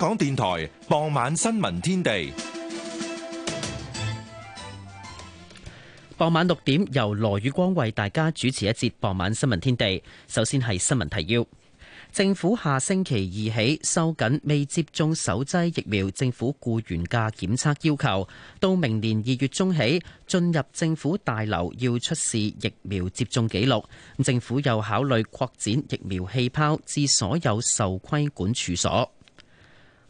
香港電臺傍晚新聞天地，傍晚六點由羅宇光為大家主持一節傍晚新聞天地。首先係新聞提要：政府下星期二起收緊未接種首劑疫苗政府僱員嘅檢測要求，到明年二月中起進入政府大樓要出示疫苗接種記錄。咁，政府又考慮擴展疫苗氣泡至所有受規管處所。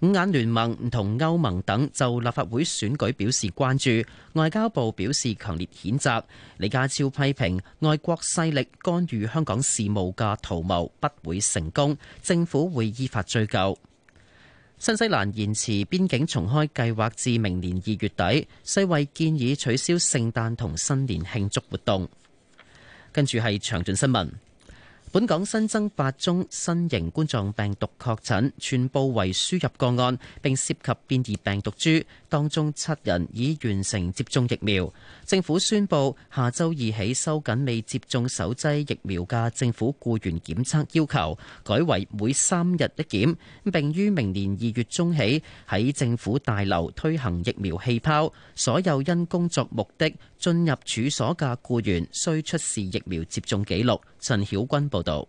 五眼聯盟唔同歐盟等就立法會選舉表示關注，外交部表示強烈譴責。李家超批評外國勢力干預香港事務嘅圖謀不會成功，政府會依法追究。新西蘭延遲邊境重開計劃至明年二月底，世衛建議取消聖誕同新年慶祝活動。跟住係詳盡新聞。本港新增八宗新型冠狀病毒確診，全部為輸入個案，並涉及變異病毒株。當中七人已完成接種疫苗。政府宣布下周二起收緊未接種首劑疫苗嘅政府僱員檢測要求，改為每三日一檢，並於明年二月中起喺政府大樓推行疫苗氣泡，所有因工作目的進入處所嘅僱員需出示疫苗接種記錄。陳曉君報報道。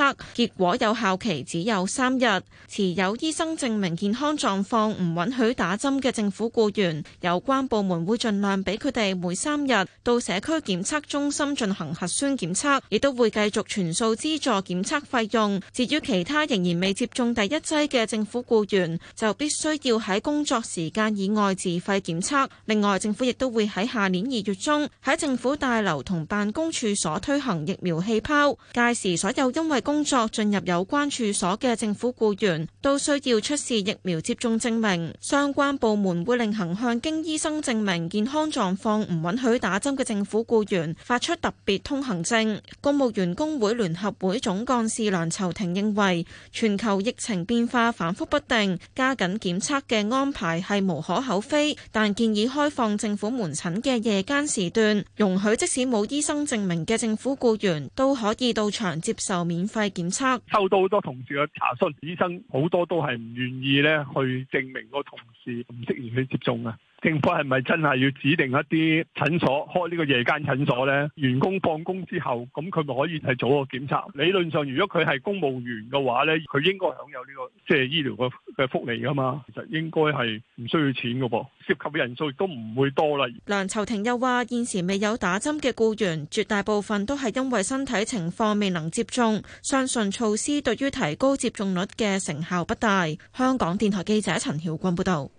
結果有效期只有三日，持有醫生證明健康狀況唔允許打針嘅政府僱員，有關部門會盡量俾佢哋每三日到社區檢測中心進行核酸檢測，亦都會繼續全數資助檢測費用。至於其他仍然未接種第一劑嘅政府僱員，就必須要喺工作時間以外自費檢測。另外，政府亦都會喺下年二月中喺政府大樓同辦公處所推行疫苗氣泡，屆時所有因為工工作進入有關處所嘅政府雇員都需要出示疫苗接種證明。相關部門會另行向經醫生證明健康狀況唔允許打針嘅政府雇員發出特別通行證，公務員工會聯合會總幹事梁籌庭認為全球疫情變化反覆不定，加緊檢測嘅安排係無可厚非，但建議開放政府門診嘅夜間時段，容許即使冇醫生證明嘅政府雇員都可以到場接受免費。係檢測收到好多同事嘅查詢，醫生好多都係唔願意咧去證明個同事唔適宜去接種啊。政府係咪真係要指定一啲診所開呢個夜間診所呢，員工放工之後，咁佢咪可以係做個檢查？理論上，如果佢係公務員嘅話呢，佢應該享有呢個即係醫療嘅嘅福利㗎嘛，其實應該係唔需要錢嘅噃，涉及嘅人數都唔會多啦。梁秋婷又話：現時未有打針嘅僱員，絕大部分都係因為身體情況未能接種，相信措施對於提高接種率嘅成效不大。香港電台記者陳曉君報導。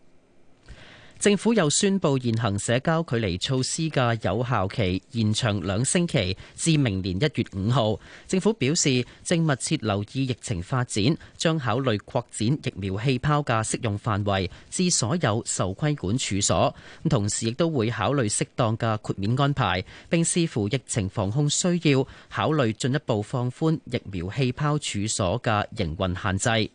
政府又宣布現行社交距離措施嘅有效期延長兩星期，至明年一月五號。政府表示正密切留意疫情發展，將考慮擴展疫苗氣泡嘅適用範圍至所有受規管處所。同時亦都會考慮適當嘅豁免安排，並視乎疫情防控需要，考慮進一步放寬疫苗氣泡處所嘅營運限制。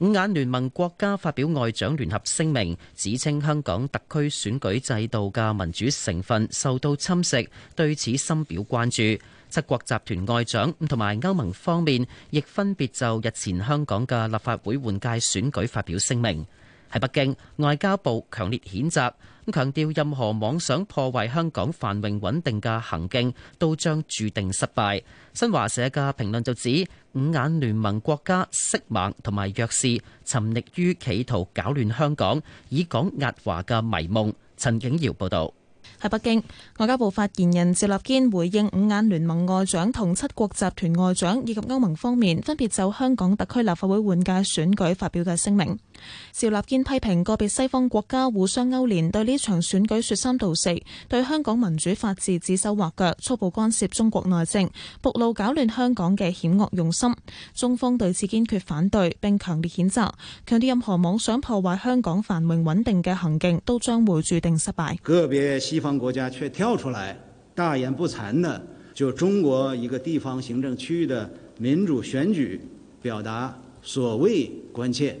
五眼聯盟國家發表外長聯合聲明，指稱香港特區選舉制度嘅民主成分受到侵蝕，對此深表關注。七國集團外長同埋歐盟方面，亦分別就日前香港嘅立法會換屆選舉發表聲明。喺北京，外交部強烈譴責，強調任何妄想破壞香港繁榮穩定嘅行徑都將注定失敗。新華社嘅評論就指五眼聯盟國家色盲同埋弱視，沉溺於企圖搞亂香港以港壓華嘅迷夢。陳景堯報道。喺北京，外交部發言人趙立堅回應五眼聯盟外長同七國集團外長以及歐盟方面分別就香港特區立法會換屆選舉發表嘅聲明。邵立堅批評個別西方國家互相勾連，對呢場選舉說三道四，對香港民主法治指手畫腳，粗暴干涉中國內政，暴露搞亂香港嘅險惡用心。中方對此堅決反對，並強烈譴責，強調任何妄想破壞香港繁榮穩定嘅行徑都將會注定失敗。個別西方國家卻跳出來大言不慚地就中國一個地方行政區域嘅民主選舉表達所謂關切。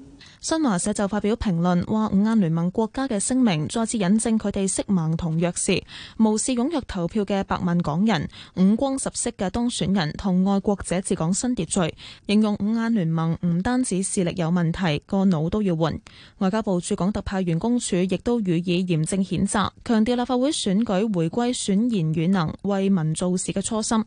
新華社就發表評論，話五眼聯盟國家嘅聲明再次引證佢哋色盲同弱視，無視踴躍投票嘅百萬港人、五光十色嘅當選人同愛國者治港新秩序，形容五眼聯盟唔單止視力有問題，個腦都要換。外交部駐港特派員公署亦都予以嚴正譴責，強調立法會選舉回歸選賢與能，為民做事嘅初心。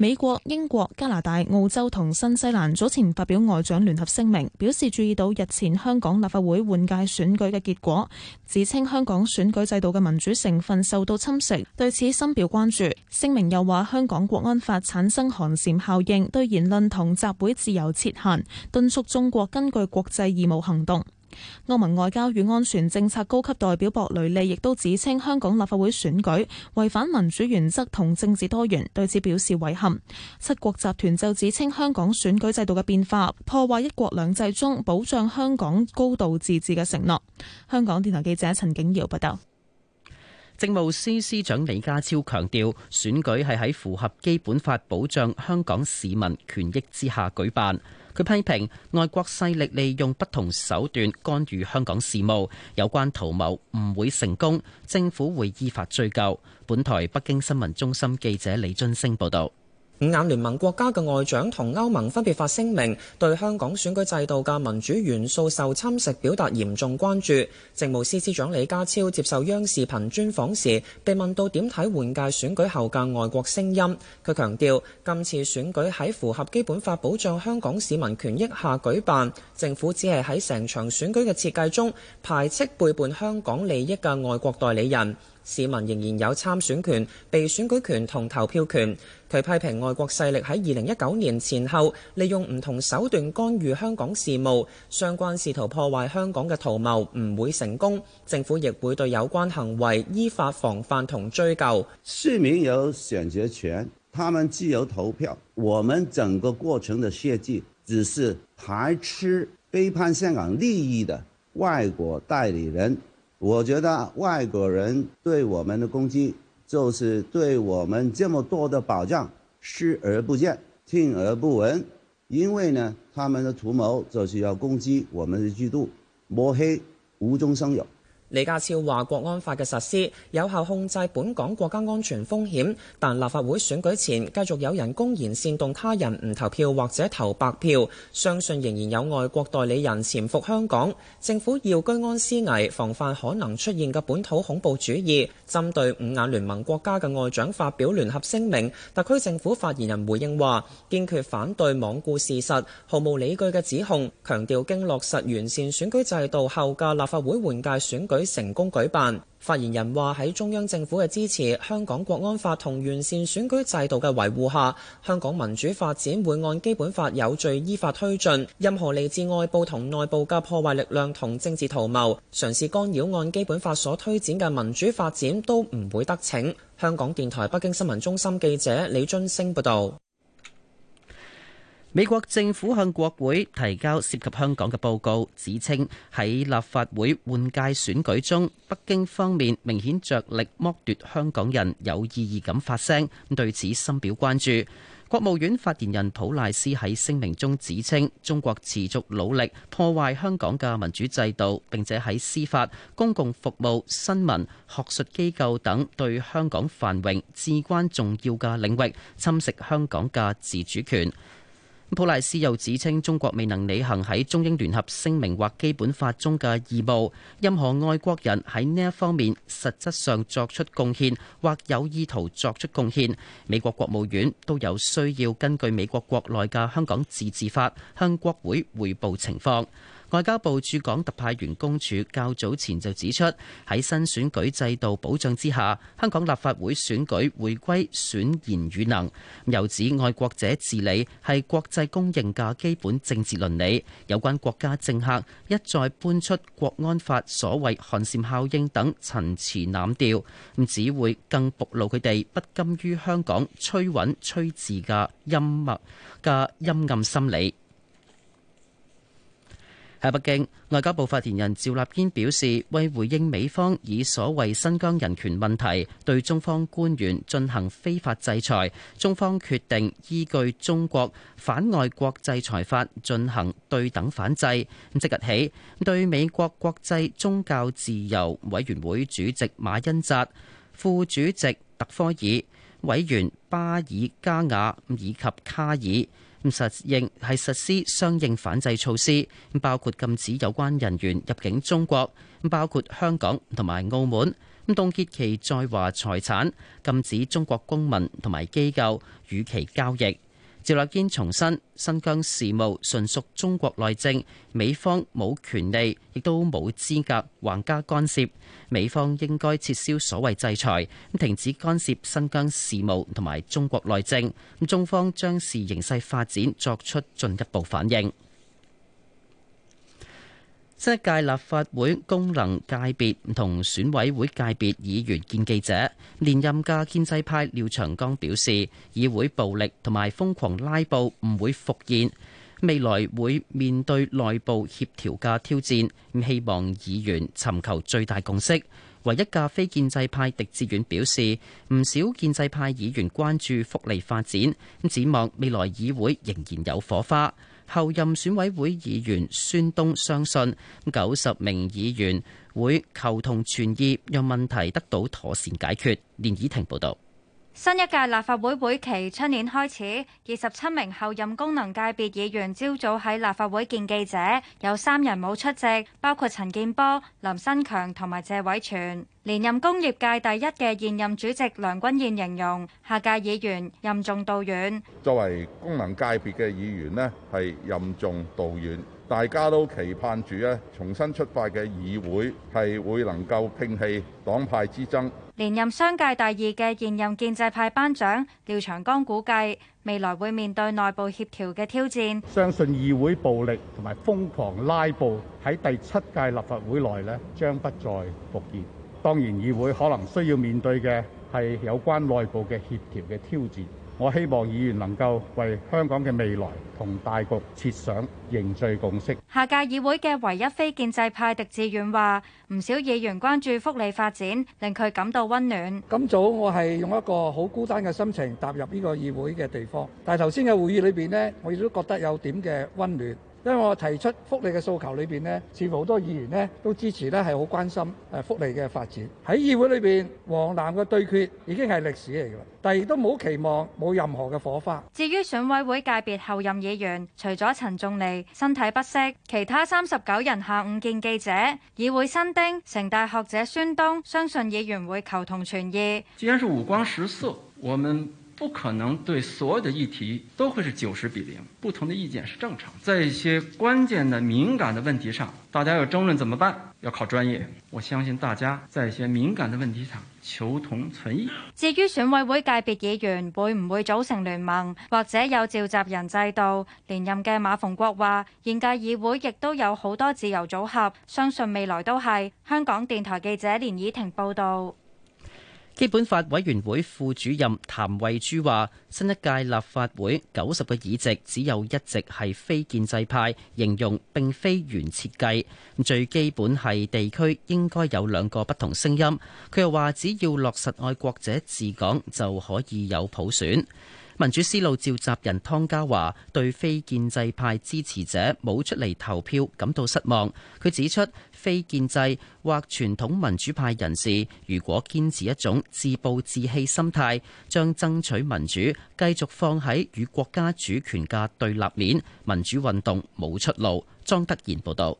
美國、英國、加拿大、澳洲同新西蘭早前發表外長聯合聲明，表示注意到日前香港立法會換屆選舉嘅結果，指稱香港選舉制度嘅民主成分受到侵蝕，對此深表關注。聲明又話香港國安法產生寒蟬效應，對言論同集會自由設限，敦促中國根據國際義務行動。歐盟外交與安全政策高級代表博雷利亦都指稱香港立法會選舉違反民主原則同政治多元，對此表示遺憾。七國集團就指稱香港選舉制度嘅變化，破壞一國兩制中保障香港高度自治嘅承諾。香港電台記者陳景瑤報道。政務司司長李家超強調，選舉係喺符合基本法保障香港市民權益之下舉辦。佢批評外國勢力利用不同手段干預香港事務，有關圖謀唔會成功，政府會依法追究。本台北京新聞中心記者李津升報道。五眼聯盟國家嘅外長同歐盟分別發聲明，對香港選舉制度嘅民主元素受侵蝕表達嚴重關注。政務司司長李家超接受央視頻專訪時，被問到點睇換屆選舉後嘅外國聲音，佢強調今次選舉喺符合基本法保障香港市民權益下舉辦，政府只係喺成場選舉嘅設計中排斥背叛香港利益嘅外國代理人。市民仍然有參選權、被選舉權同投票權，佢批評外國勢力喺二零一九年前後利用唔同手段干預香港事務，相關試圖破壞香港嘅圖謀唔會成功。政府亦會對有關行為依法防範同追究。市民有選擇權，他們自由投票。我們整個過程的設計只是排斥背叛香港利益的外國代理人。我覺得外國人對我們的攻擊，就是對我們這麼多的保障視而不見、聽而不聞，因為呢，他們的圖謀就是要攻擊我們的制度，抹黑、無中生有。李家超話國安法嘅實施有效控制本港國家安全風險，但立法會選舉前繼續有人公然煽動他人唔投票或者投白票，相信仍然有外國代理人潛伏香港。政府要居安思危，防範可能出現嘅本土恐怖主義，針對五眼聯盟國家嘅外長發表聯合聲明。特區政府發言人回應話，堅決反對罔顧事實，毫無理據嘅指控，強調經落實完善選舉制度後嘅立法會換屆選舉。成功舉辦。發言人話：喺中央政府嘅支持、香港國安法同完善選舉制度嘅維護下，香港民主發展會按基本法有序依法推進。任何嚟自外部同內部嘅破壞力量同政治圖謀，嘗試干擾按基本法所推展嘅民主發展，都唔會得逞。香港電台北京新聞中心記者李津星報道。美國政府向國會提交涉及香港嘅報告，指稱喺立法會換屆選舉中，北京方面明顯着力剝奪香港人有意義咁發聲，咁對此深表關注。國務院發言人普賴斯喺聲明中指稱，中國持續努力破壞香港嘅民主制度，並且喺司法、公共服務、新聞、學術機構等對香港繁榮至關重要嘅領域侵蝕香港嘅自主權。普賴斯又指稱中國未能履行喺中英聯合聲明或基本法中嘅義務，任何外國人喺呢一方面實質上作出貢獻或有意圖作出貢獻，美國國務院都有需要根據美國國內嘅香港自治法向國會匯報情況。外交部駐港特派員公署較早前就指出，喺新選舉制度保障之下，香港立法會選舉回歸選賢與能，又指愛國者治理係國際公認嘅基本政治倫理。有關國家政客一再搬出國安法所謂寒蟬效應等陳詞濫調，咁只會更暴露佢哋不甘於香港趨穩趨治嘅陰默嘅陰暗心理。喺北京，外交部發言人趙立堅表示，為回應美方以所謂新疆人權問題對中方官員進行非法制裁，中方決定依據中國反外國制裁法進行對等反制。即日起，對美國國際宗教自由委員會主席馬恩扎、副主席特科爾、委員巴爾加雅以及卡爾。咁實應係實施相應反制措施，包括禁止有關人員入境中國，包括香港同埋澳門，咁凍結其在華財產，禁止中國公民同埋機構與其交易。趙立堅重申，新疆事務純屬中國內政，美方冇權利，亦都冇資格橫加干涉。美方應該撤銷所謂制裁，咁停止干涉新疆事務同埋中國內政。咁中方將視形勢發展作出進一步反應。新一屆立法會功能界別同選委會界別議員見記者，連任嘅建制派廖長江表示，議會暴力同埋瘋狂拉布唔會復現，未來會面對內部協調嘅挑戰，希望議員尋求最大共識。唯一嘅非建制派狄志遠表示，唔少建制派議員關注福利發展，展望未來議會仍然有火花。候任選委會議員孫東相信，九十名議員會求同存異，讓問題得到妥善解決。連怡婷報道。新一屆立法會會期出年開始，二十七名候任功能界別議員朝早喺立法會見記者，有三人冇出席，包括陳建波、林新強同埋謝偉全。連任工業界第一嘅現任主席梁君彥形容下屆議員任重道遠。作為功能界別嘅議員呢，係任重道遠，大家都期盼住咧，重新出發嘅議會係會能夠摒棄黨派之爭。連任商界第二嘅現任建制派班長廖長江估計，未來會面對內部協調嘅挑戰。相信議會暴力同埋瘋狂拉布喺第七屆立法會內呢，將不再復現。當然，議會可能需要面對嘅係有關內部嘅協調嘅挑戰。我希望議員能夠為香港嘅未來同大局設想，凝聚共識。下屆議會嘅唯一非建制派狄志遠話：唔少議員關注福利發展，令佢感到温暖。今早我係用一個好孤單嘅心情踏入呢個議會嘅地方，但係頭先嘅會議裏邊呢，我亦都覺得有點嘅温暖。因為我提出福利嘅訴求裏邊呢，似乎好多議員呢都支持呢，係好關心，誒福利嘅發展。喺議會裏邊，黃藍嘅對決已經係歷史嚟㗎啦，但係亦都冇期望冇任何嘅火花。至於選委會界別後任議員，除咗陳仲尼身體不適，其他三十九人下午見記者。議會新丁城大學者孫東相信議員會求同存異。既然是五光十色，我們。不可能對所有的議題都會是九十比零，不同的意見是正常。在一些關鍵的敏感的問題上，大家要爭論怎麼辦，要靠專業。我相信大家在一些敏感的問題上求同存異。至於選委會界別議員會唔會組成聯盟，或者有召集人制度？連任嘅馬逢國話：現屆議會亦都有好多自由組合，相信未來都係。香港電台記者連以婷報導。基本法委員會副主任譚惠珠話，新一屆立法會九十個議席只有一席係非建制派，形容並非原設計，最基本係地區應該有兩個不同聲音。佢又話，只要落實愛國者治港，就可以有普選。民主思路召集人湯家驊對非建制派支持者冇出嚟投票感到失望。佢指出，非建制或傳統民主派人士如果堅持一種自暴自棄心態，將爭取民主繼續放喺與國家主權嘅對立面，民主運動冇出路。莊德賢報道。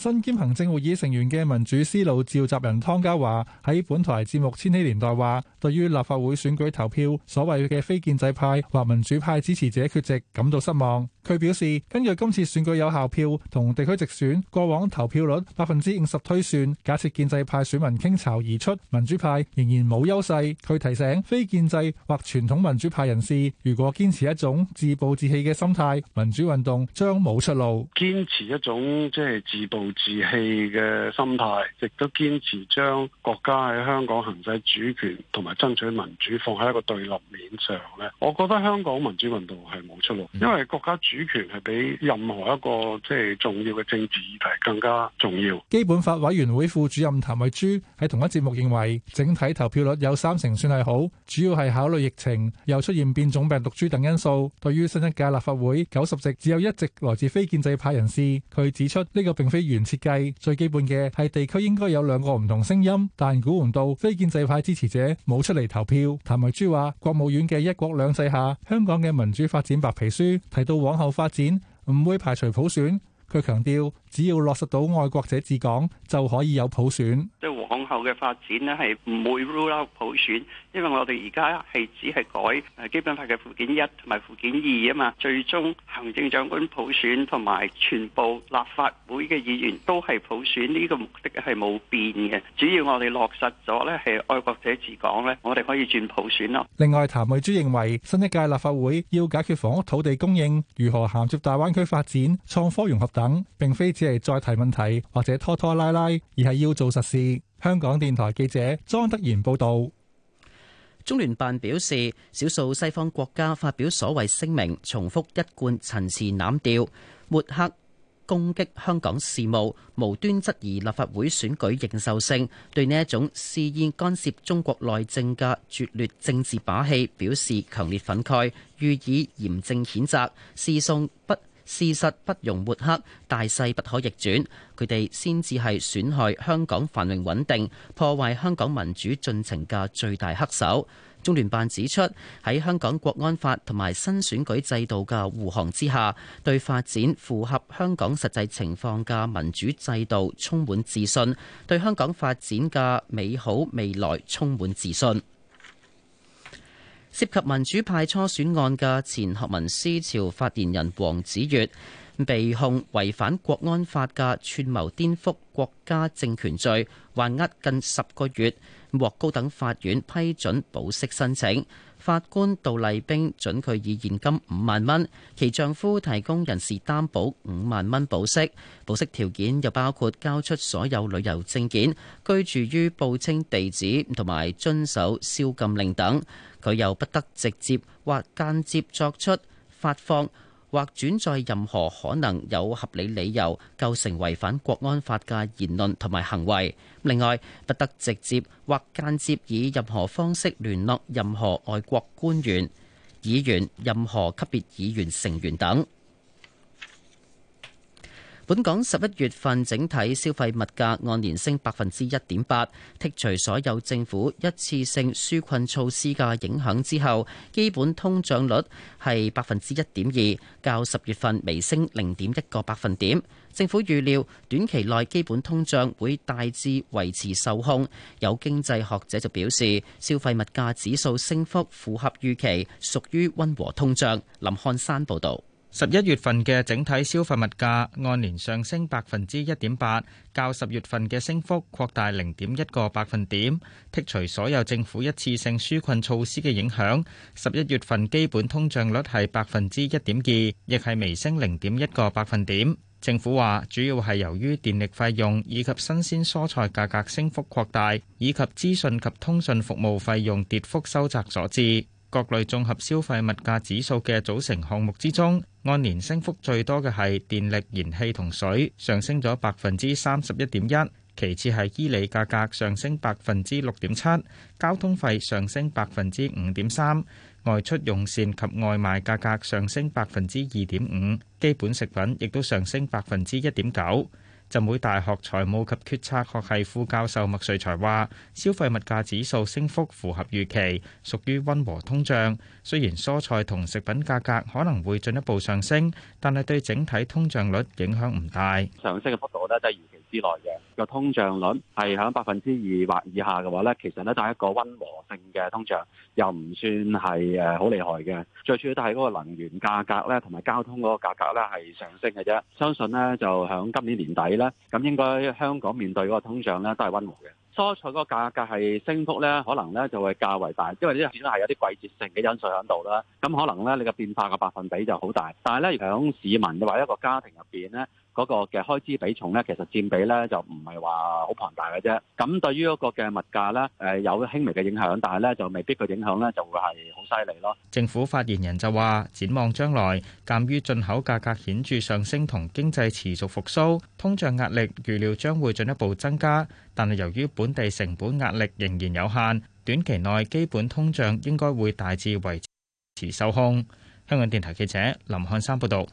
身兼行政會議成員嘅民主思路召集人湯家驊喺本台節目《千禧年代》話：對於立法會選舉投票，所謂嘅非建制派或民主派支持者缺席感到失望。佢表示，根據今次選舉有效票同地區直選過往投票率百分之五十推算，假設建制派選民傾巢而出，民主派仍然冇優勢。佢提醒非建制或傳統民主派人士，如果堅持一種自暴自棄嘅心態，民主運動將冇出路。堅持一種即係、就是、自暴自棄嘅心態，亦都堅持將國家喺香港行使主權同埋爭取民主放喺一個對立面上咧，我覺得香港民主運動係冇出路，因為國家，主權係比任何一個即係重要嘅政治議題更加重要。基本法委員會副主任譚慧珠喺同一節目認為，整體投票率有三成算係好，主要係考慮疫情又出現變種病毒株等因素。對於新一屆立法會九十席只有一席來自非建制派人士，佢指出呢個並非原設計，最基本嘅係地區應該有兩個唔同聲音。但估唔到非建制派支持者冇出嚟投票。譚慧珠話，國務院嘅一國兩制下，香港嘅民主發展白皮書提到往。後發展唔會排除普選，佢強調。只要落實到愛國者治港，就可以有普選。即係往後嘅發展咧，係唔會 rule out 普選，因為我哋而家係只係改基本法嘅附件一同埋附件二啊嘛。最終行政長官普選同埋全部立法會嘅議員都係普選，呢、這個目的係冇變嘅。主要我哋落實咗呢，係愛國者治港呢，我哋可以轉普選咯。另外，譚慧珠認為，新一屆立法會要解決房屋土地供應、如何銜接大灣區發展、創科融合等，並非。即係再提問題或者拖拖拉拉，而係要做實事。香港電台記者莊德賢報道，中聯辦表示，少數西方國家發表所謂聲明，重複一貫陳詞濫調，抹黑攻擊香港事務，無端質疑立法會選舉認受性，對呢一種肆意干涉中國內政嘅拙劣政治把戲表示強烈憤慨，予以嚴正譴責，是送不。事實不容抹黑，大勢不可逆轉。佢哋先至係損害香港繁榮穩定、破壞香港民主進程嘅最大黑手。中聯辦指出，喺香港國安法同埋新選舉制度嘅護航之下，對發展符合香港實際情況嘅民主制度充滿自信，對香港發展嘅美好未來充滿自信。涉及民主派初選案嘅前學民思潮發言人黃子悅。被控違反國安法嘅串謀顛覆國家政權罪，還押近十個月，獲高等法院批准保釋申請。法官杜麗冰準佢以現金五萬蚊，其丈夫提供人事擔保五萬蚊保釋。保釋條件又包括交出所有旅遊證件、居住於報稱地址同埋遵守宵禁令等。佢又不得直接或間接作出發放或轉載任何可能有合理理由構成違反國安法嘅言論同埋行為。另外，不得直接或間接以任何方式聯絡任何外國官員、議員、任何級別議員成員等。本港十一月份整體消費物價按年升百分之一點八，剔除所有政府一次性紓困措施嘅影響之後，基本通脹率係百分之一點二，較十月份微升零點一個百分點。政府預料短期內基本通脹會大致維持受控。有經濟學者就表示，消費物價指數升幅符合預期，屬於温和通脹。林漢山報導。十一月份嘅整體消費物價按年上升百分之一點八，較十月份嘅升幅擴大零點一個百分點。剔除所有政府一次性紓困措施嘅影響，十一月份基本通脹率係百分之一點二，亦係微升零點一個百分點。政府話，主要係由於電力費用以及新鮮蔬菜價格升幅擴大，以及資訊及通訊服務費用跌幅收窄所致。各類綜合消費物價指數嘅組成項目之中，按年升幅最多嘅係電力、燃氣同水，上升咗百分之三十一點一；其次係衣履價格上升百分之六點七，交通費上升百分之五點三，外出用膳及外賣價格上升百分之二點五，基本食品亦都上升百分之一點九。浸會大學財務及決策學系副教授麥瑞才話，消費物價指數升幅符合預期，屬於溫和通脹。雖然蔬菜同食品價格可能會進一步上升，但係對整體通脹率影響唔大。上升嘅幅度咧，都係預期。之內嘅個通脹率係響百分之二或以下嘅話咧，其實咧就係一個溫和性嘅通脹，又唔算係誒好厲害嘅。最主要都係嗰個能源價格咧，同埋交通嗰個價格咧係上升嘅啫。相信咧就響今年年底咧，咁應該香港面對嘅通脹咧都係溫和嘅。蔬菜嗰個價格係升幅咧，可能咧就會較為大，因為呢啲咧係有啲季節性嘅因素喺度啦。咁可能咧你嘅變化嘅百分比就好大，但係咧喺市民或者一個家庭入邊咧。嗰個嘅開支比重咧，其實佔比咧就唔係話好龐大嘅啫。咁對於嗰個嘅物價咧，誒有輕微嘅影響，但係咧就未必個影響咧就會係好犀利咯。政府發言人就話：展望將來，鑑於進口價格顯著上升同經濟持續復甦，通脹壓力預料將會進一步增加。但係由於本地成本壓力仍然有限，短期內基本通脹應該會大致維持受控。香港電台記者林漢山報導。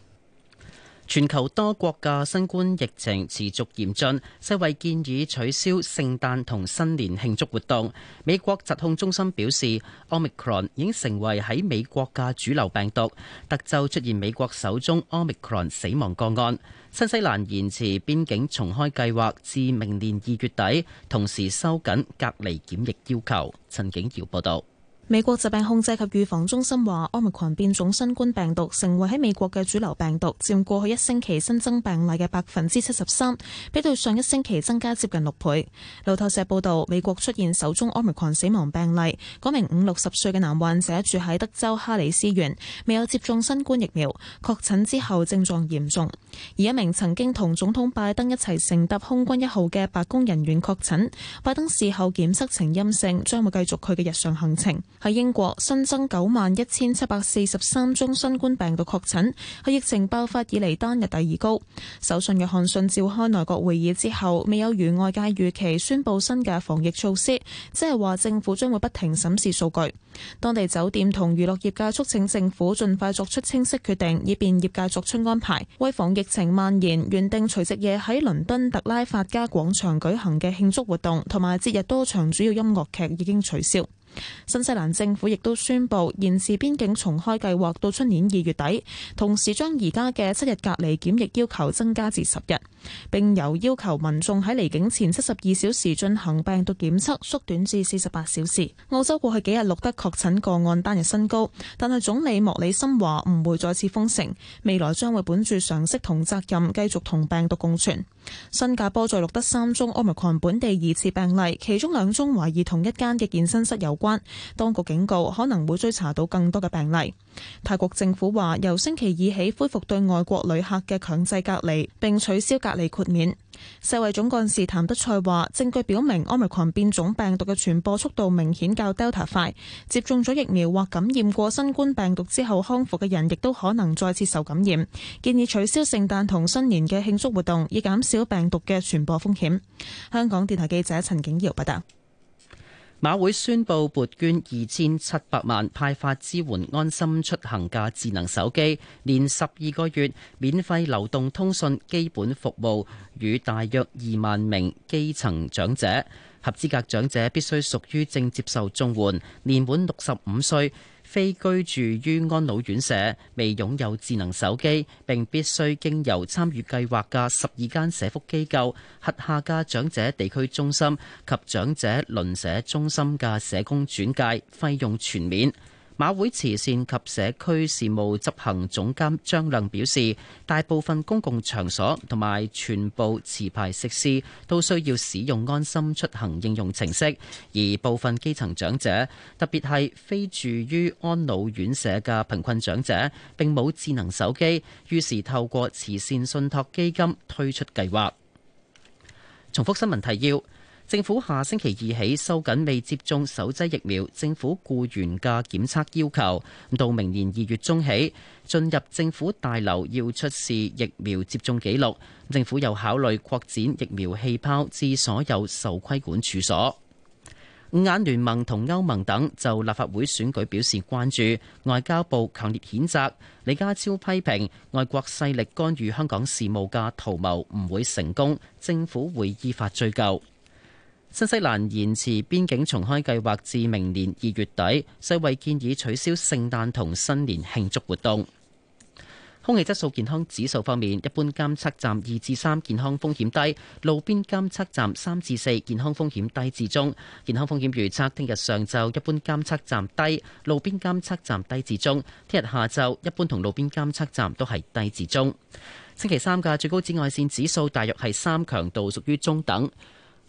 全球多國嘅新冠疫情持續嚴峻，世衞建議取消聖誕同新年慶祝活動。美國疾控中心表示，Omicron 已經成為喺美國嘅主流病毒。德州出現美國首宗 Omicron 死亡個案。新西蘭延遲邊境重開計劃至明年二月底，同時收緊隔離檢疫要求。陳景堯報導。美國疾病控制及預防中心話，Omicron 變種新冠病毒成為喺美國嘅主流病毒，佔過去一星期新增病例嘅百分之七十三，比對上一星期增加接近六倍。路透社報道，美國出現首宗 Omicron 死亡病例，嗰名五六十歲嘅男患者住喺德州哈里斯縣，未有接種新冠疫苗，確診之後症狀嚴重。而一名曾經同總統拜登一齊乘搭空軍一號嘅白宮人員確診，拜登事後檢測呈陰性，將會繼續佢嘅日常行程。喺英國新增九萬一千七百四十三宗新冠病毒確診，喺疫情爆發以嚟單日第二高。首相約翰遜召開內閣會議之後，未有如外界預期宣布新嘅防疫措施，即係話政府將會不停審視數據。當地酒店同娛樂業界促請政府盡快作出清晰決定，以便業界作出安排。為防疫情蔓延，原定除夕夜喺倫敦特拉法加廣場舉行嘅慶祝活動，同埋節日多場主要音樂劇已經取消。新西蘭政府亦都宣布延遲邊境重開計劃到出年二月底，同時將而家嘅七日隔離檢疫要求增加至十日，並由要求民眾喺離境前七十二小時進行病毒檢測縮短至四十八小時。澳洲過去幾日錄得確診個案單日新高，但係總理莫里森話唔會再次封城，未來將會本住常識同責任繼續同病毒共存。新加坡再錄得三宗奧密克戎本地疑似病例，其中兩宗懷疑同一間嘅健身室有關。當局警告，可能會追查到更多嘅病例。泰國政府話由星期二起恢復對外國旅客嘅強制隔離，並取消隔離豁免。世衛總幹事譚德賽話，證據表明奧密克戎變種病毒嘅傳播速度明顯較 Delta 快。接種咗疫苗或感染過新冠病毒之後康復嘅人，亦都可能再次受感染。建議取消聖誕同新年嘅慶祝活動，以減少病毒嘅傳播風險。香港電台記者陳景瑤報道。馬會宣布撥捐二千七百萬派發支援安心出行嘅智能手機，連十二個月免費流動通訊基本服務，予大約二萬名基層長者。合資格長者必須屬於正接受綜援，年滿六十五歲。非居住於安老院舍、未擁有智能手機、並必須經由參與計劃嘅十二間社福機構轄下嘅長者地區中心及長者鄰舍中心嘅社工轉介，費用全免。馬會慈善及社區事務執行總監張亮表示，大部分公共場所同埋全部持牌食肆都需要使用安心出行應用程式，而部分基層長者，特別係非住於安老院舍嘅貧困長者，並冇智能手機，於是透過慈善信託基金推出計劃。重複新聞提要。政府下星期二起收緊未接種首劑疫苗政府雇員嘅檢測要求，到明年二月中起進入政府大樓要出示疫苗接種記錄。政府又考慮擴展疫苗氣泡至所有受規管處所。五眼聯盟同歐盟等就立法會選舉表示關注，外交部強烈譴責李家超批評外國勢力干預香港事務嘅圖謀唔會成功，政府會依法追究。新西蘭延遲邊境重開計劃至明年二月底。世衛建議取消聖誕同新年慶祝活動。空氣質素健康指數方面，一般監測站二至三，健康風險低；路邊監測站三至四，健康風險低至中。健康風險預測：聽日上晝一般監測站低，路邊監測站低至中；聽日下晝一般同路邊監測站都係低至中。星期三嘅最高紫外線指數大約係三，強度屬於中等。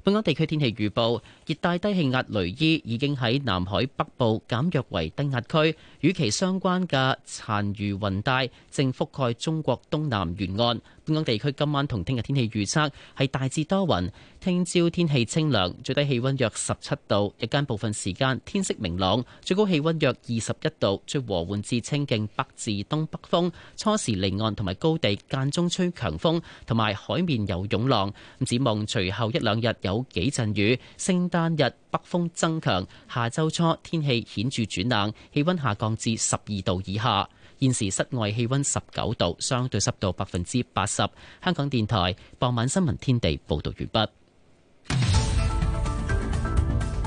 本港地區天氣預報：熱帶低氣壓雷伊已經喺南海北部減弱為低壓區，與其相關嘅殘餘雲帶正覆蓋中國東南沿岸。本港地區今晚同聽日天氣預測係大致多雲，聽朝天氣清涼，最低氣温約十七度，日間部分時間天色明朗，最高氣温約二十一度，吹和緩至清勁北至東北風，初時離岸同埋高地間中吹強風，同埋海面有湧浪。咁展望隨後一兩日有幾陣雨，聖誕日北風增強，下周初天氣顯著轉冷，氣温下降至十二度以下。現時室外氣溫十九度，相對濕度百分之八十。香港電台傍晚新聞天地報道完畢。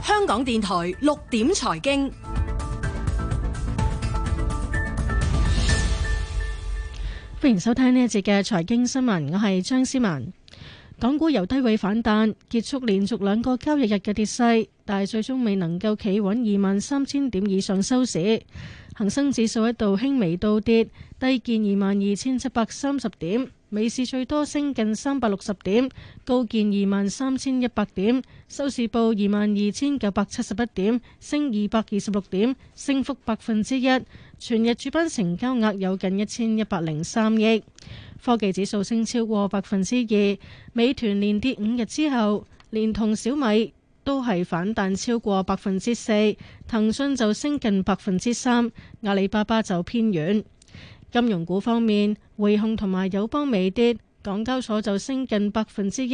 香港電台六點財經，歡迎收聽呢一節嘅財經新聞。我係張思文。港股由低位反彈，結束連續兩個交易日嘅跌勢，但係最終未能夠企穩二萬三千點以上收市。恒生指數一度輕微倒跌，低見二萬二千七百三十點，尾市最多升近三百六十點，高見二萬三千一百點，收市報二萬二千九百七十一點，升二百二十六點，升幅百分之一。全日主板成交額有近一千一百零三億。科技指數升超過百分之二，美團連跌五日之後，連同小米，都係反彈超過百分之四，騰訊就升近百分之三，阿里巴巴就偏軟。金融股方面，匯控同埋友邦微跌，港交所就升近百分之一。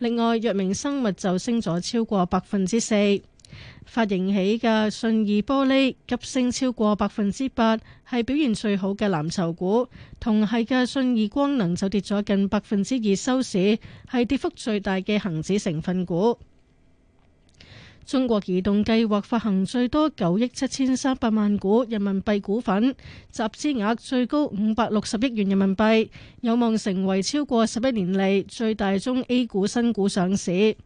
另外，藥明生物就升咗超過百分之四。發盈喜嘅信義玻璃急升超過百分之八，係表現最好嘅藍籌股。同係嘅信義光能就跌咗近百分之二，收市係跌幅最大嘅恒指成分股。中國移動計劃發行最多九億七千三百萬股人民幣股份，集資額最高五百六十億元人民幣，有望成為超過十一年嚟，最大宗 A 股新股上市。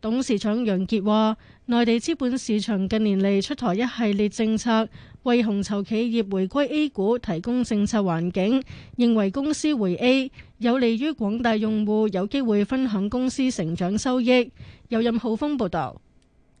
董事長楊傑話，內地資本市場近年嚟出台一系列政策，為紅籌企業回歸 A 股提供政策環境。認為公司回 A 有利於廣大用戶有機會分享公司成長收益。有任浩峰報道。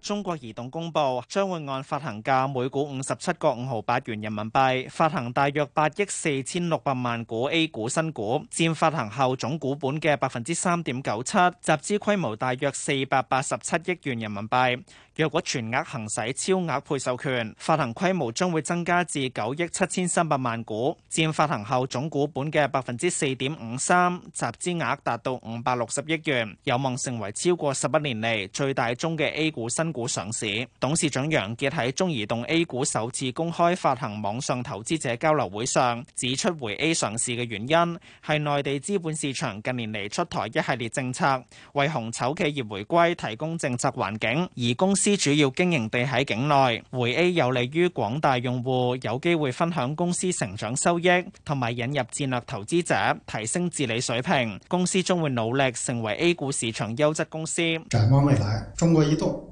中國移動公布將會按發行價每股五十七個五毫八元人民幣發行大約八億四千六百萬股 A 股新股，佔發行後總股本嘅百分之三點九七，集資規模大約四百八十七億元人民幣。若果全額行使超額配售權，發行規模將會增加至九億七千三百萬股，佔發行後總股本嘅百分之四點五三，集資額達到五百六十億元，有望成為超過十一年嚟最大宗嘅 A 股新股上市。董事長楊傑喺中移動 A 股首次公開發行網上投資者交流會上指出，回 A 上市嘅原因係內地資本市場近年嚟出台一系列政策，為紅籌企業回歸提供政策環境，而公司。公司主要經營地喺境內，回 A 有利於廣大用戶有機會分享公司成長收益，同埋引入戰略投資者，提升治理水平。公司將會努力成為 A 股市場優質公司。展望未來，中國移動。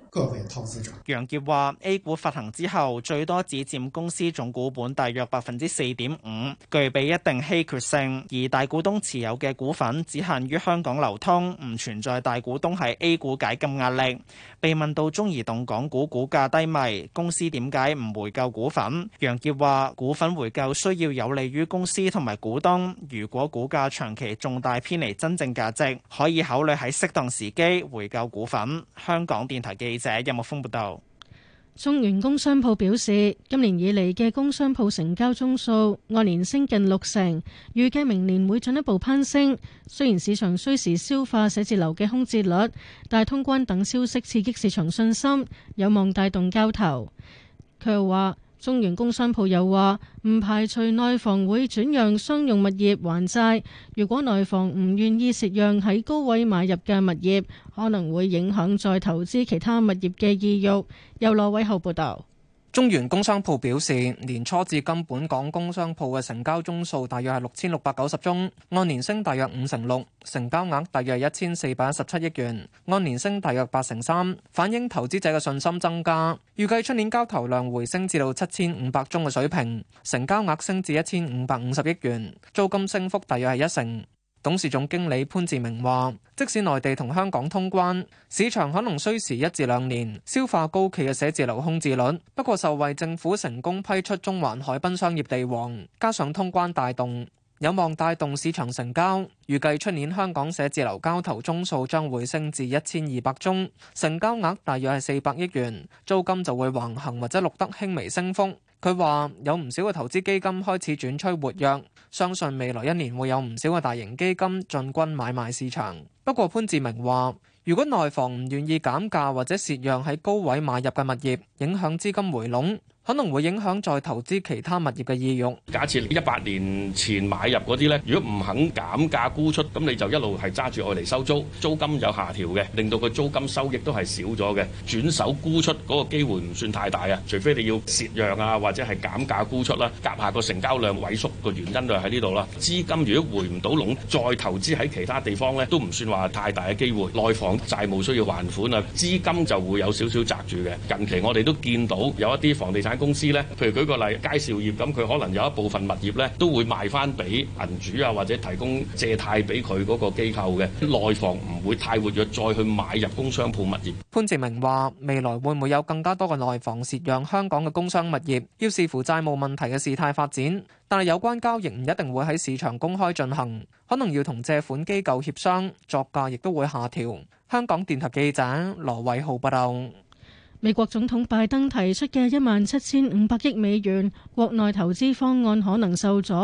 楊傑話，A 股發行之後，最多只佔公司總股本大約百分之四點五，具備一定稀缺性。而大股東持有嘅股份只限於香港流通，唔存在大股東係 A 股解禁壓力。被問到中移動港股股價低迷，公司點解唔回購股份？楊傑話，股份回購需要有利於公司同埋股東。如果股價長期重大偏離真正價值，可以考慮喺適當時機回購股份。香港電台記記者任木峰報道，中原工商鋪表示，今年以嚟嘅工商鋪成交宗數按年升近六成，預計明年會進一步攀升。雖然市場需時消化寫字樓嘅空置率，但係通關等消息刺激市場信心，有望帶動交投。佢又話。中原工商鋪又話唔排除內房會轉讓商用物業還債。如果內房唔願意蝕讓喺高位買入嘅物業，可能會影響再投資其他物業嘅意欲。由羅偉浩報道。中原工商鋪表示，年初至今本港工商鋪嘅成交宗數大約係六千六百九十宗，按年升大約五成六，成交額大約係一千四百一十七億元，按年升大約八成三，反映投資者嘅信心增加。預計出年交投量回升至到七千五百宗嘅水平，成交額升至一千五百五十億元，租金升幅大約係一成。董事總經理潘志明話：即使內地同香港通關，市場可能需時一至兩年消化高企嘅寫字樓空置率。不過受惠政府成功批出中環海濱商業地王，加上通關帶動，有望帶動市場成交。預計出年香港寫字樓交投宗數將會升至一千二百宗，成交額大約係四百億元，租金就會橫行或者錄得輕微升幅。佢話有唔少嘅投資基金開始轉趨活躍，相信未來一年會有唔少嘅大型基金進軍買賣市場。不過潘志明話，如果內房唔願意減價或者蝕讓喺高位買入嘅物業，影響資金回籠。可能會影響再投資其他物業嘅意欲。假設一百年前買入嗰啲呢，如果唔肯減價沽出，咁你就一路係揸住外嚟收租，租金有下調嘅，令到個租金收益都係少咗嘅。轉手沽出嗰個機會唔算太大啊，除非你要蝕讓啊，或者係減價沽出啦。夾下個成交量萎縮個原因就喺呢度啦。資金如果回唔到籠，再投資喺其他地方呢，都唔算話太大嘅機會。內房債務需要還款啊，資金就會有少少擳住嘅。近期我哋都見到有一啲房地產公司呢，譬如舉個例，佳兆業咁，佢可能有一部分物業呢都會賣翻俾銀主啊，或者提供借貸俾佢嗰個機構嘅內房，唔會太活躍，再去買入工商鋪物業。潘志明話：未來會唔會有更加多嘅內房蝕讓香港嘅工商物業？要視乎債務問題嘅事態發展，但係有關交易唔一定會喺市場公開進行，可能要同借款機構協商，作價亦都會下調。香港電台記者羅偉浩報道。美國總統拜登提出嘅一萬七千五百億美元國內投資方案可能受阻，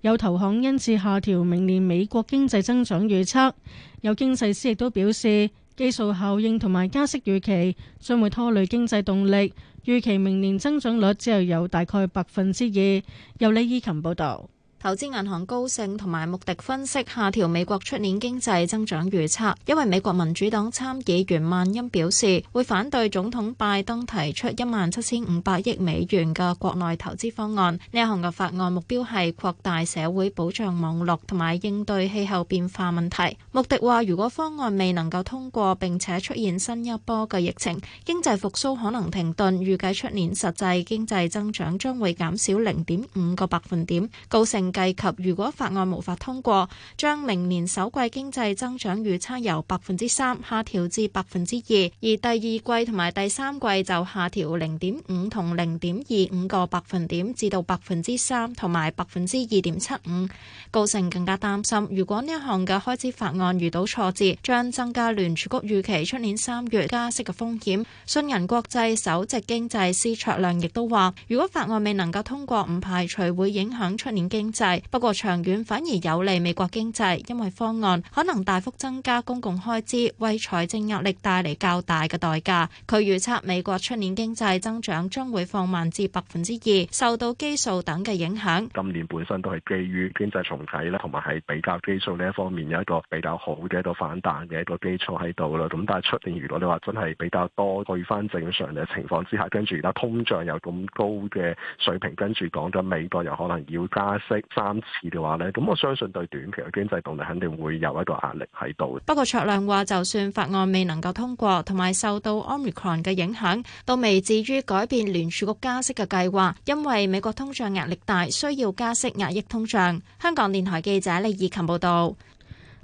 有投行因此下調明年美國經濟增長預測。有經濟師亦都表示，基數效應同埋加息預期將會拖累經濟動力，預期明年增長率只係有有大概百分之二。由李依琴報道。投資銀行高盛同埋穆迪分析下調美國出年經濟增長預測，因為美國民主黨參議員萬恩表示會反對總統拜登提出一萬七千五百億美元嘅國內投資方案。呢一項嘅法案目標係擴大社會保障網絡同埋應對氣候變化問題。穆迪話，如果方案未能夠通過，並且出現新一波嘅疫情，經濟復甦可能停頓，預計出年實際經濟增長將會減少零點五個百分點。高盛計及如果法案無法通過，將明年首季經濟增長預測由百分之三下調至百分之二，而第二季同埋第三季就下調零點五同零點二五個百分點至到百分之三同埋百分之二點七五。高盛更加擔心，如果呢一項嘅開支法案遇到挫折，將增加聯儲局預期出年三月加息嘅風險。信銀國際首席經濟師卓亮亦都話，如果法案未能夠通過，唔排除會影響出年經濟。不過長遠反而有利美國經濟，因為方案可能大幅增加公共開支，為財政壓力帶嚟較大嘅代價。佢預測美國出年經濟增長將會放慢至百分之二，受到基數等嘅影響。今年本身都係基於經濟重啟啦，同埋係比較基數呢一方面有一個比較好嘅一個反彈嘅一個基礎喺度啦。咁但係出年如果你話真係比較多去翻正常嘅情況之下，跟住而家通脹有咁高嘅水平，跟住講咗美國又可能要加息。三次嘅話呢，咁我相信對短期嘅經濟動力肯定會有一個壓力喺度。不過卓亮話，就算法案未能夠通過，同埋受到 Omicron 嘅影響，都未至於改變聯儲局加息嘅計劃，因為美國通脹壓力大，需要加息壓抑通脹。香港電台記者李以琴報道。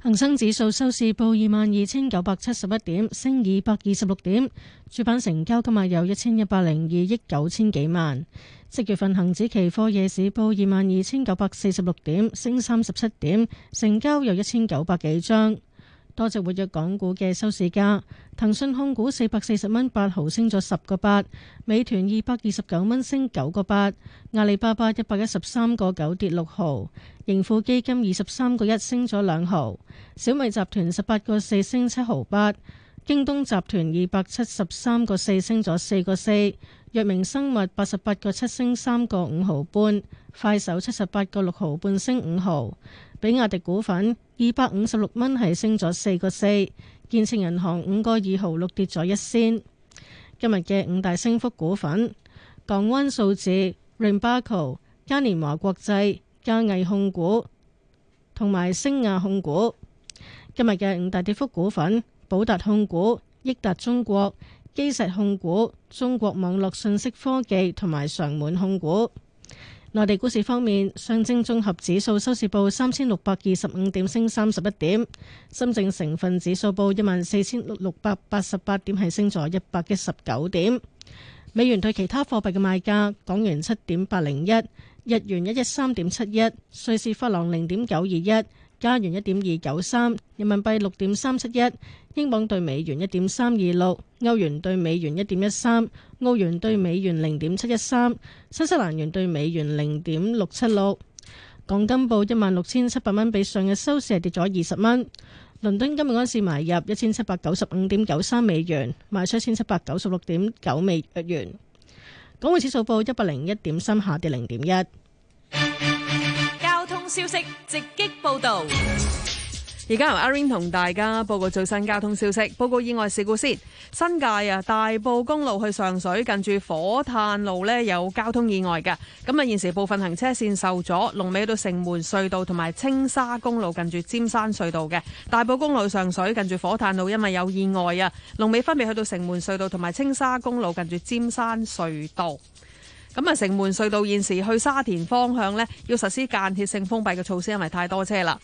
恆生指數收市報二萬二千九百七十一點，升二百二十六點，主板成交金額有一千一百零二億九千幾萬。七月份恒指期貨夜市報二萬二千九百四十六點，升三十七點，成交有一千九百幾張。多隻活躍港股嘅收市價，騰訊控股四百四十蚊八毫升咗十個八，美團二百二十九蚊升九個八，阿里巴巴一百一十三個九跌六毫，盈富基金二十三個一升咗兩毫，小米集團十八個四升七毫八，京東集團二百七十三個四升咗四個四，藥明生物八十八個七升三個五毫半，快手七十八個六毫半升五毫，比亞迪股份，二百五十六蚊係升咗四個四，建設銀行五個二毫六跌咗一仙。今日嘅五大升幅股份：港灣數字、Rimbaco、嘉年華國際、嘉毅控股同埋星亞控股。今日嘅五大跌幅股份：寶達控股、益達中國、基石控股、中國網絡信息科技同埋常滿控股。內地股市方面，上證綜合指數收市報三千六百二十五點，升三十一點；深證成分指數報一萬四千六百八十八點，係升咗一百一十九點。美元對其他貨幣嘅賣價：港元七點八零一，日元一一三點七一，瑞士法郎零點九二一。加元一點二九三，人民幣六點三七一，英鎊兌美元一點三二六，歐元兌美元一點一三，澳元兌美元零點七一三，新西蘭元兌美元零點六七六。港金報一萬六千七百蚊，比上日收市係跌咗二十蚊。倫敦金晏市買入一千七百九十五點九三美元，賣出一千七百九十六點九美元。港匯指數報一百零一點三，下跌零點一。消息直擊報道，而家由阿 Ring 同大家報告最新交通消息。報告意外事故先，新界啊大埔公路去上水近住火炭路呢，有交通意外嘅，咁啊現時部分行車線受阻，龍尾，到龍尾去到城門隧道同埋青沙公路近住尖山隧道嘅大埔公路上水近住火炭路，因為有意外啊，龍尾分別去到城門隧道同埋青沙公路近住尖山隧道。咁啊，城門隧道現時去沙田方向呢，要實施間歇性封閉嘅措施，因為太多車啦。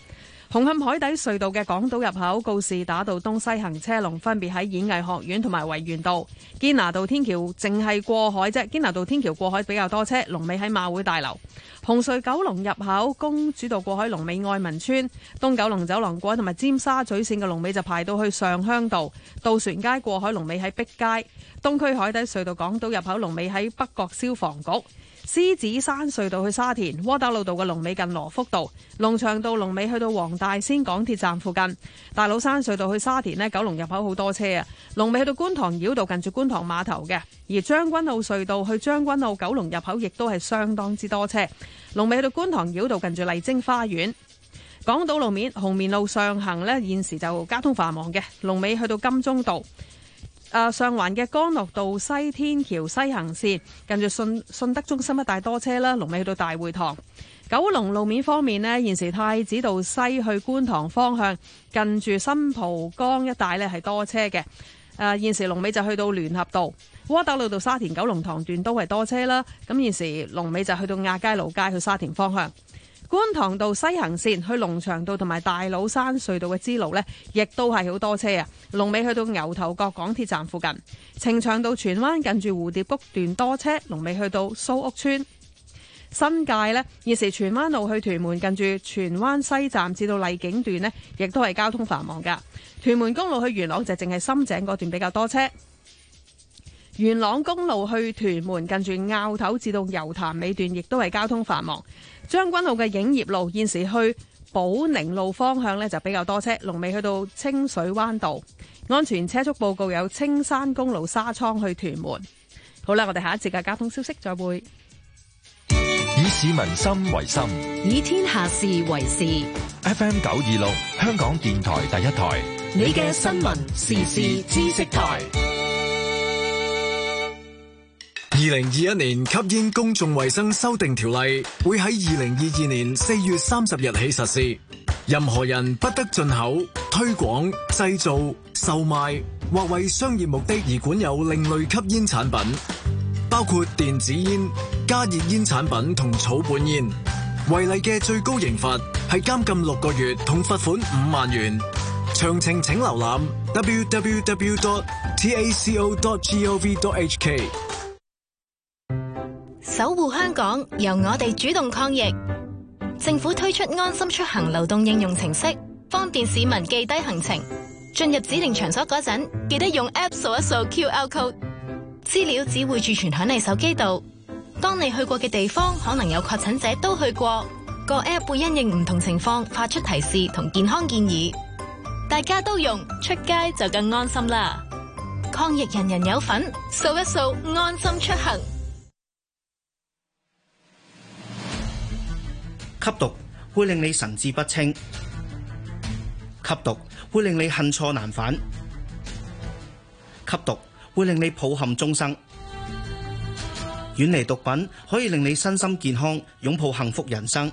紅磡海底隧道嘅港島入口，告士打道東西行車龍分別喺演藝學院同埋維園道堅拿道天橋，淨係過海啫，堅拿道天橋過海比較多車，龍尾喺馬會大樓。紅隧九龍入口，公主道過海龍尾愛民村，東九龍走廊過海同埋尖沙咀線嘅龍尾就排到去上鄉道，渡船街過海龍尾喺碧街，東區海底隧道港島入口龍尾喺北角消防局。獅子山隧道去沙田，窩打老道嘅龍尾近羅福道，龍翔道龍尾去到黃大仙港鐵站附近，大老山隧道去沙田呢，九龍入口好多車啊，龍尾去到觀塘繞道近住觀塘碼頭嘅，而將軍澳隧道去將軍澳九龍入口亦都係相當之多車，龍尾去到觀塘繞道近住麗晶花園，港島路面紅棉路上行呢，現時就交通繁忙嘅，龍尾去到金鐘道。誒，上環嘅干諾道西天橋西行線，近住信信德中心一帶多車啦，龍尾去到大會堂。九龍路面方面呢，現時太子道西去觀塘方向，近住新蒲崗一帶呢係多車嘅。誒，現時龍尾就去到聯合道、窩打老到沙田九龍塘段都係多車啦。咁現時龍尾就去到亞皆老街去沙田方向。觀塘道西行綫去龍翔道同埋大老山隧道嘅支路呢，亦都係好多車啊。龍尾去到牛頭角港鐵站附近，呈祥道荃灣近住蝴蝶谷段多車，龍尾去到蘇屋村。新界呢，現時荃灣路去屯門近住荃灣西站至到麗景段呢，亦都係交通繁忙噶。屯門公路去元朗就淨係深井嗰段比較多車。元朗公路去屯門近住坳頭至到油潭尾段，亦都係交通繁忙。將軍澳嘅影業路，現時去寶寧路方向呢，就比較多車，龍尾去到清水灣道。安全車速報告有青山公路沙倉去屯門。好啦，我哋下一節嘅交通消息再會。以市民心為心，以天下事為事。FM 九二六，香港電台第一台，你嘅新聞時事知識台。二零二一年吸煙公眾衛生修訂條例會喺二零二二年四月三十日起實施。任何人不得進口、推廣、製造、售賣或為商業目的而管有另類吸煙產品，包括電子煙、加熱煙產品同草本煙。違例嘅最高刑罰係監禁六個月同罰款五萬元。詳情請瀏覽 www dot taco dot gov dot hk。守護香港，由我哋主動抗疫。政府推出安心出行流動應用程式，方便市民記低行程。進入指定場所嗰陣，記得用 App 掃一掃 QR code，資料只會儲存響你手機度。當你去過嘅地方可能有確診者都去過，個 App 會因應唔同情況發出提示同健康建議。大家都用，出街就更安心啦！抗疫人人有份，掃一掃安心出行。吸毒會令你神志不清，吸毒會令你恨錯難返，吸毒會令你抱憾終生。遠離毒品可以令你身心健康，擁抱幸福人生。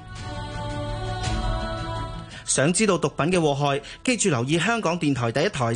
想知道毒品嘅禍害，記住留意香港電台第一台。